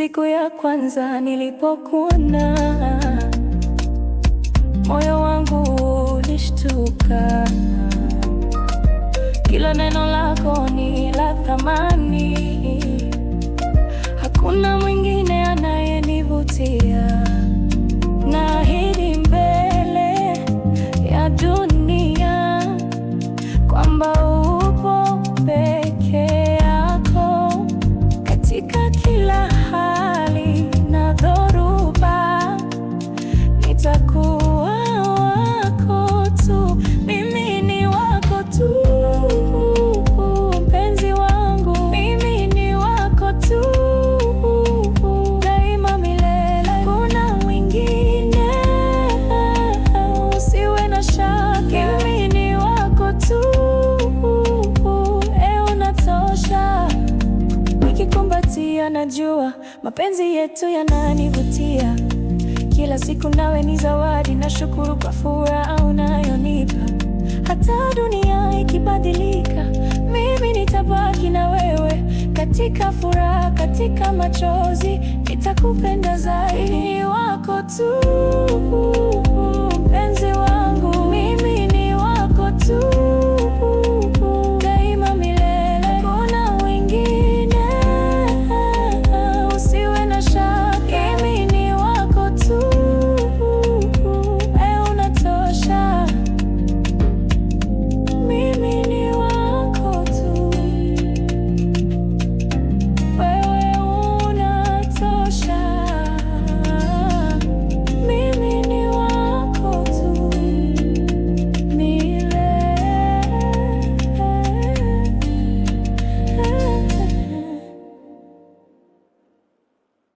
Siku ya kwanza nilipokuona, moyo wangu ulishtuka. Kila neno lako ni la thamani. najua mapenzi yetu yananivutia kila siku, nawe ni zawadi na shukuru kwa furaha unayonipa. Hata dunia ikibadilika, mimi nitabaki na wewe, katika furaha, katika machozi, nitakupenda zaidi, ni wako tu.